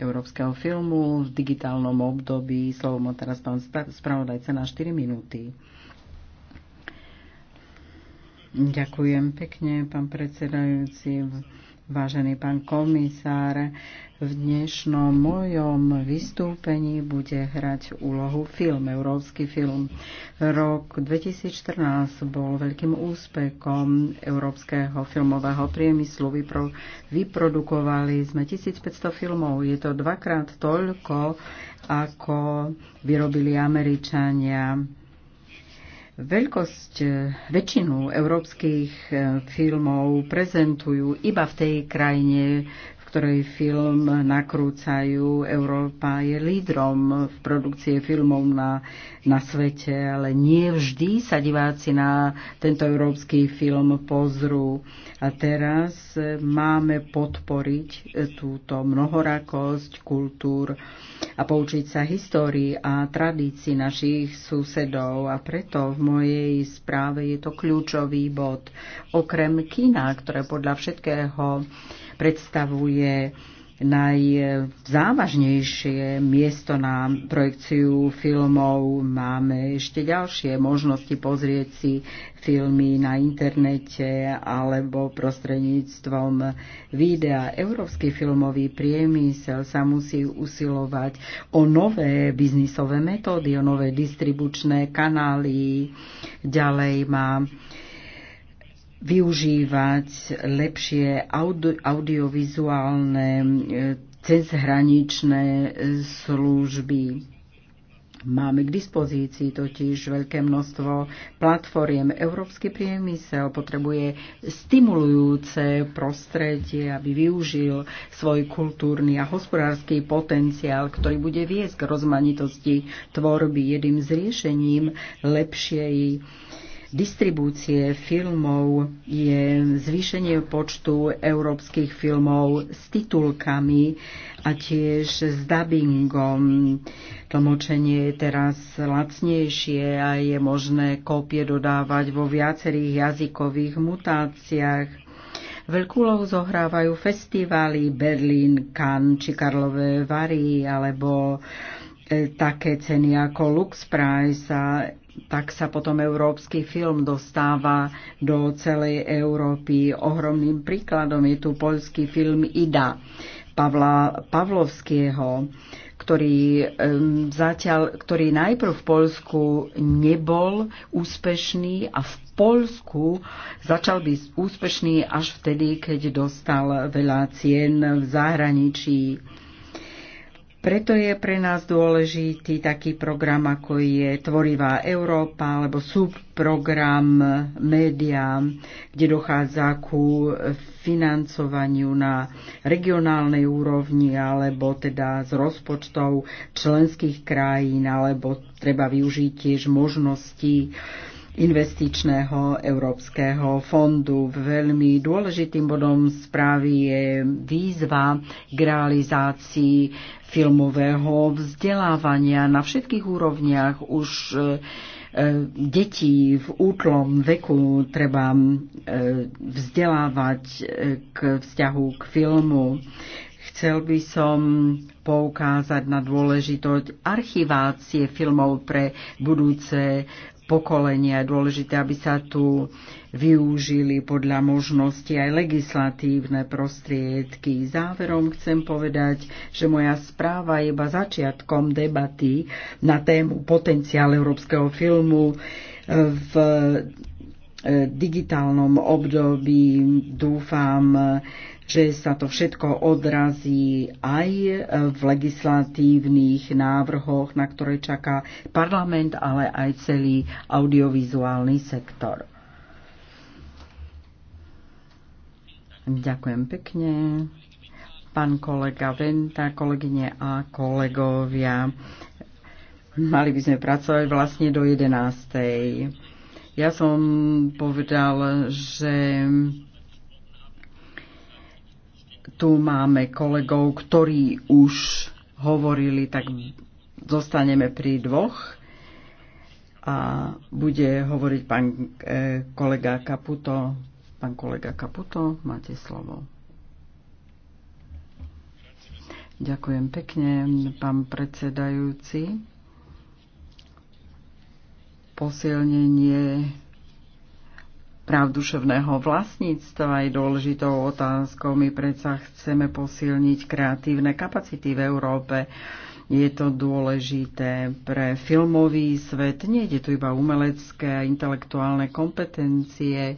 európskeho filmu v digitálnom období. Slovo má teraz pán spravodajca na 4 minúty. Ďakujem pekne, pán predsedajúci. Vážený pán komisár, v dnešnom mojom vystúpení bude hrať úlohu film, európsky film. Rok 2014 bol veľkým úspechom európskeho filmového priemyslu. Vypro, vyprodukovali sme 1500 filmov. Je to dvakrát toľko, ako vyrobili Američania Veľkosť, eh, väčšinu európskych eh, filmov prezentujú iba v tej krajine, ktorý film nakrúcajú. Európa je lídrom v produkcie filmov na, na svete, ale nie vždy sa diváci na tento európsky film pozrú. A teraz máme podporiť túto mnohorakosť kultúr a poučiť sa histórii a tradícii našich susedov. A preto v mojej správe je to kľúčový bod. Okrem kina, ktoré podľa všetkého predstavuje najzávažnejšie miesto na projekciu filmov. Máme ešte ďalšie možnosti pozrieť si filmy na internete alebo prostredníctvom videa. Európsky filmový priemysel sa musí usilovať o nové biznisové metódy, o nové distribučné kanály. Ďalej má využívať lepšie audio, audiovizuálne e, cezhraničné e, služby. Máme k dispozícii totiž veľké množstvo platformiem. Európsky priemysel potrebuje stimulujúce prostredie, aby využil svoj kultúrny a hospodársky potenciál, ktorý bude viesť k rozmanitosti tvorby. Jedným z riešením lepšej distribúcie filmov je zvýšenie počtu európskych filmov s titulkami a tiež s dubbingom. Tlmočenie je teraz lacnejšie a je možné kópie dodávať vo viacerých jazykových mutáciách. Veľkú lohu zohrávajú festivály Berlín, Cannes či Karlové Vary alebo e, také ceny ako Lux Prize a tak sa potom európsky film dostáva do celej Európy. Ohromným príkladom je tu poľský film Ida Pavla Pavlovského, ktorý, um, zatiaľ, ktorý najprv v Polsku nebol úspešný a v Polsku začal byť úspešný až vtedy, keď dostal veľa cien v zahraničí preto je pre nás dôležitý taký program, ako je Tvorivá Európa alebo subprogram média, kde dochádza ku financovaniu na regionálnej úrovni alebo teda z rozpočtov členských krajín alebo treba využiť tiež možnosti investičného Európskeho fondu. Veľmi dôležitým bodom správy je výzva k realizácii filmového vzdelávania na všetkých úrovniach už e, e, deti v útlom veku treba e, vzdelávať k vzťahu k filmu. Chcel by som poukázať na dôležitosť archivácie filmov pre budúce pokolenia. Je dôležité, aby sa tu využili podľa možnosti aj legislatívne prostriedky. Záverom chcem povedať, že moja správa je iba začiatkom debaty na tému potenciál európskeho filmu eh, v eh, digitálnom období. Dúfam, že sa to všetko odrazí aj v legislatívnych návrhoch, na ktoré čaká parlament, ale aj celý audiovizuálny sektor. Ďakujem pekne. Pán kolega Venta, kolegyne a kolegovia, mali by sme pracovať vlastne do 11. Ja som povedal, že tu máme kolegov, ktorí už hovorili, tak zostaneme pri dvoch. A bude hovoriť pán e, kolega Kaputo. Pán kolega Kaputo, máte slovo. Ďakujem pekne, pán predsedajúci. Posilnenie Práv duševného vlastníctva je dôležitou otázkou. My predsa chceme posilniť kreatívne kapacity v Európe. Je to dôležité pre filmový svet. Nie je tu iba umelecké a intelektuálne kompetencie.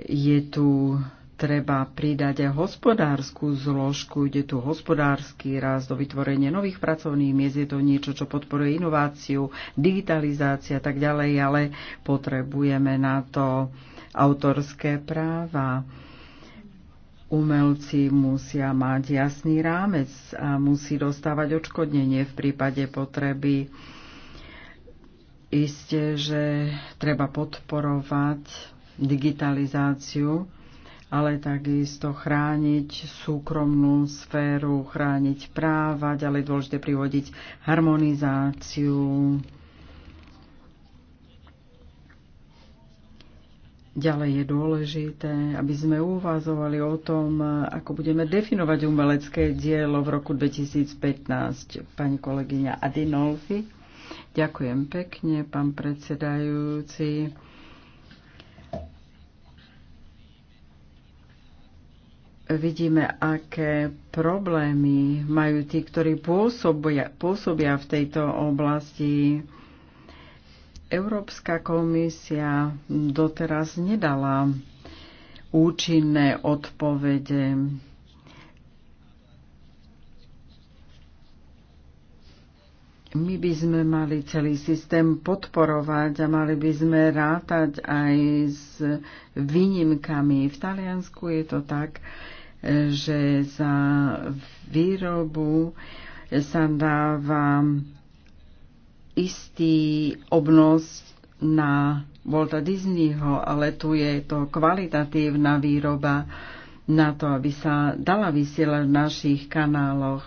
Je tu treba pridať aj hospodárskú zložku, ide tu hospodársky rast do vytvorenia nových pracovných miest, je to niečo, čo podporuje inováciu, digitalizácia a tak ďalej, ale potrebujeme na to autorské práva. Umelci musia mať jasný rámec a musí dostávať odškodnenie v prípade potreby. Isté, že treba podporovať digitalizáciu ale takisto chrániť súkromnú sféru, chrániť práva, ďalej dôležité privodiť harmonizáciu. Ďalej je dôležité, aby sme uvazovali o tom, ako budeme definovať umelecké dielo v roku 2015. Pani kolegyňa Adinolfi. Ďakujem pekne, pán predsedajúci. vidíme, aké problémy majú tí, ktorí pôsobia, pôsobia v tejto oblasti. Európska komisia doteraz nedala účinné odpovede. My by sme mali celý systém podporovať a mali by sme rátať aj s výnimkami. V Taliansku je to tak, že za výrobu sa dáva istý obnos na Volta Disneyho, ale tu je to kvalitatívna výroba na to, aby sa dala vysielať v našich kanáloch.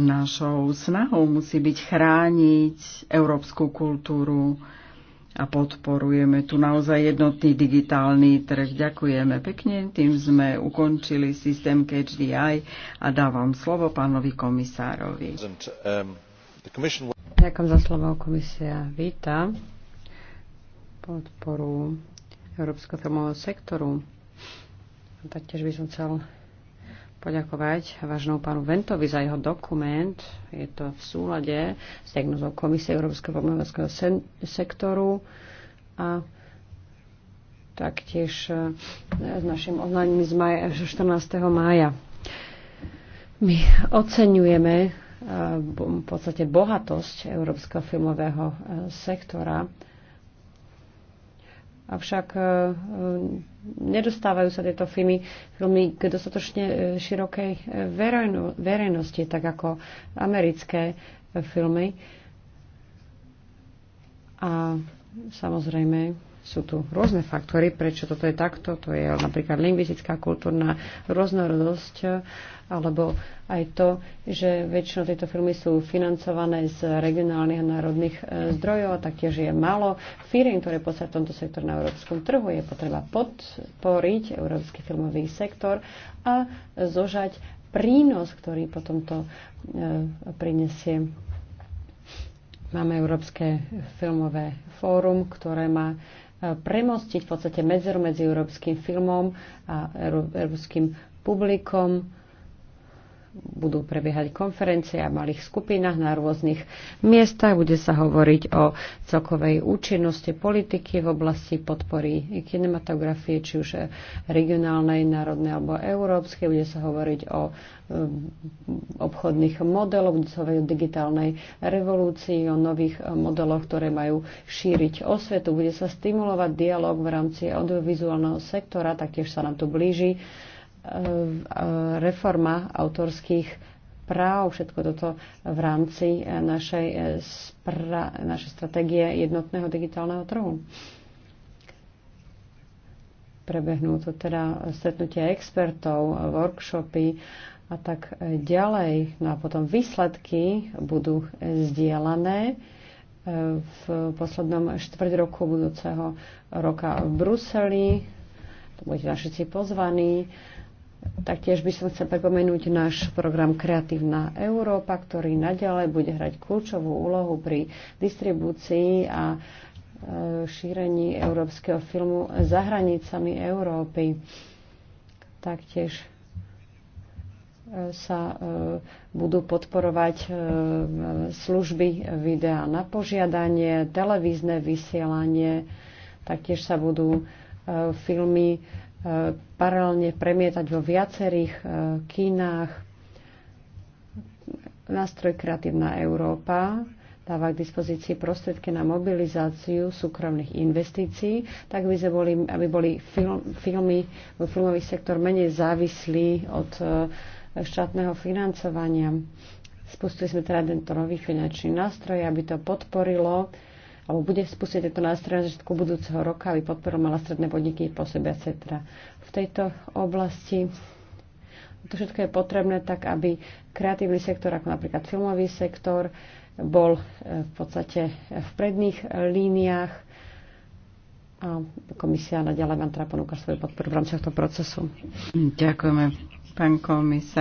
Našou snahou musí byť chrániť európsku kultúru, a podporujeme tu naozaj jednotný digitálny trh. Ďakujeme pekne, tým sme ukončili systém KHDI a dávam slovo pánovi komisárovi. Ďakujem za slovo, komisia víta podporu Európskeho filmového sektoru. A taktiež by som chcel poďakovať vážnou pánu Ventovi za jeho dokument. Je to v súlade s diagnozou Komisie Európskeho poľnohospodárskeho sektoru a taktiež e, s našim oznámením z maja, 14. E, mája. My oceňujeme e, v podstate bohatosť európskeho filmového sektora avšak e, e, nedostávajú sa tieto filmy, filmy k dostatočne e, širokej verejno, verejnosti, tak ako americké filmy. A samozrejme, sú tu rôzne faktory, prečo toto je takto. To je napríklad lingvistická kultúrna rôznorodosť, alebo aj to, že väčšinou tieto firmy sú financované z regionálnych a národných e, zdrojov a taktiež je málo firiem, ktoré v tomto sektor na európskom trhu. Je potreba podporiť európsky filmový sektor a zožať prínos, ktorý potom to e, prinesie Máme Európske filmové fórum, ktoré má premostiť v podstate medzeru medzi európskym filmom a európskym publikom budú prebiehať konferencie a malých skupinách na rôznych miestach. Bude sa hovoriť o celkovej účinnosti politiky v oblasti podpory kinematografie, či už regionálnej, národnej alebo európskej. Bude sa hovoriť o um, obchodných modeloch, bude sa hovoriť o digitálnej revolúcii, o nových modeloch, ktoré majú šíriť osvetu. Bude sa stimulovať dialog v rámci audiovizuálneho sektora, taktiež sa nám tu blíži E, reforma autorských práv, všetko toto v rámci našej, e, spra- našej stratégie jednotného digitálneho trhu. Prebehnú to teda stretnutia expertov, workshopy a tak ďalej. No a potom výsledky budú zdieľané e, v poslednom štvrť roku budúceho roka v Bruseli. To budete na všetci pozvaní. Taktiež by som chcel pripomenúť náš program Kreatívna Európa, ktorý naďalej bude hrať kľúčovú úlohu pri distribúcii a e, šírení európskeho filmu za hranicami Európy. Taktiež e, sa e, budú podporovať služby videa na požiadanie, televízne vysielanie, taktiež sa budú filmy paralelne premietať vo viacerých e, kínach. Nástroj Kreatívna Európa dáva k dispozícii prostriedky na mobilizáciu súkromných investícií, tak by sme boli, aby boli film, filmy, filmový sektor menej závislý od e, štátneho financovania. Spustili sme teda tento nový finančný nástroj, aby to podporilo uh, alebo bude spustiť tento nástroj na začiatku budúceho roka, aby podporoval malé stredné podniky po sebe, etc. V tejto oblasti to všetko je potrebné tak, aby kreatívny sektor, ako napríklad filmový sektor, bol e, v podstate v predných e, líniách a komisia naďalej vám teda ponúka svoju podporu v rámci tohto procesu. Ďakujeme, pán komisár.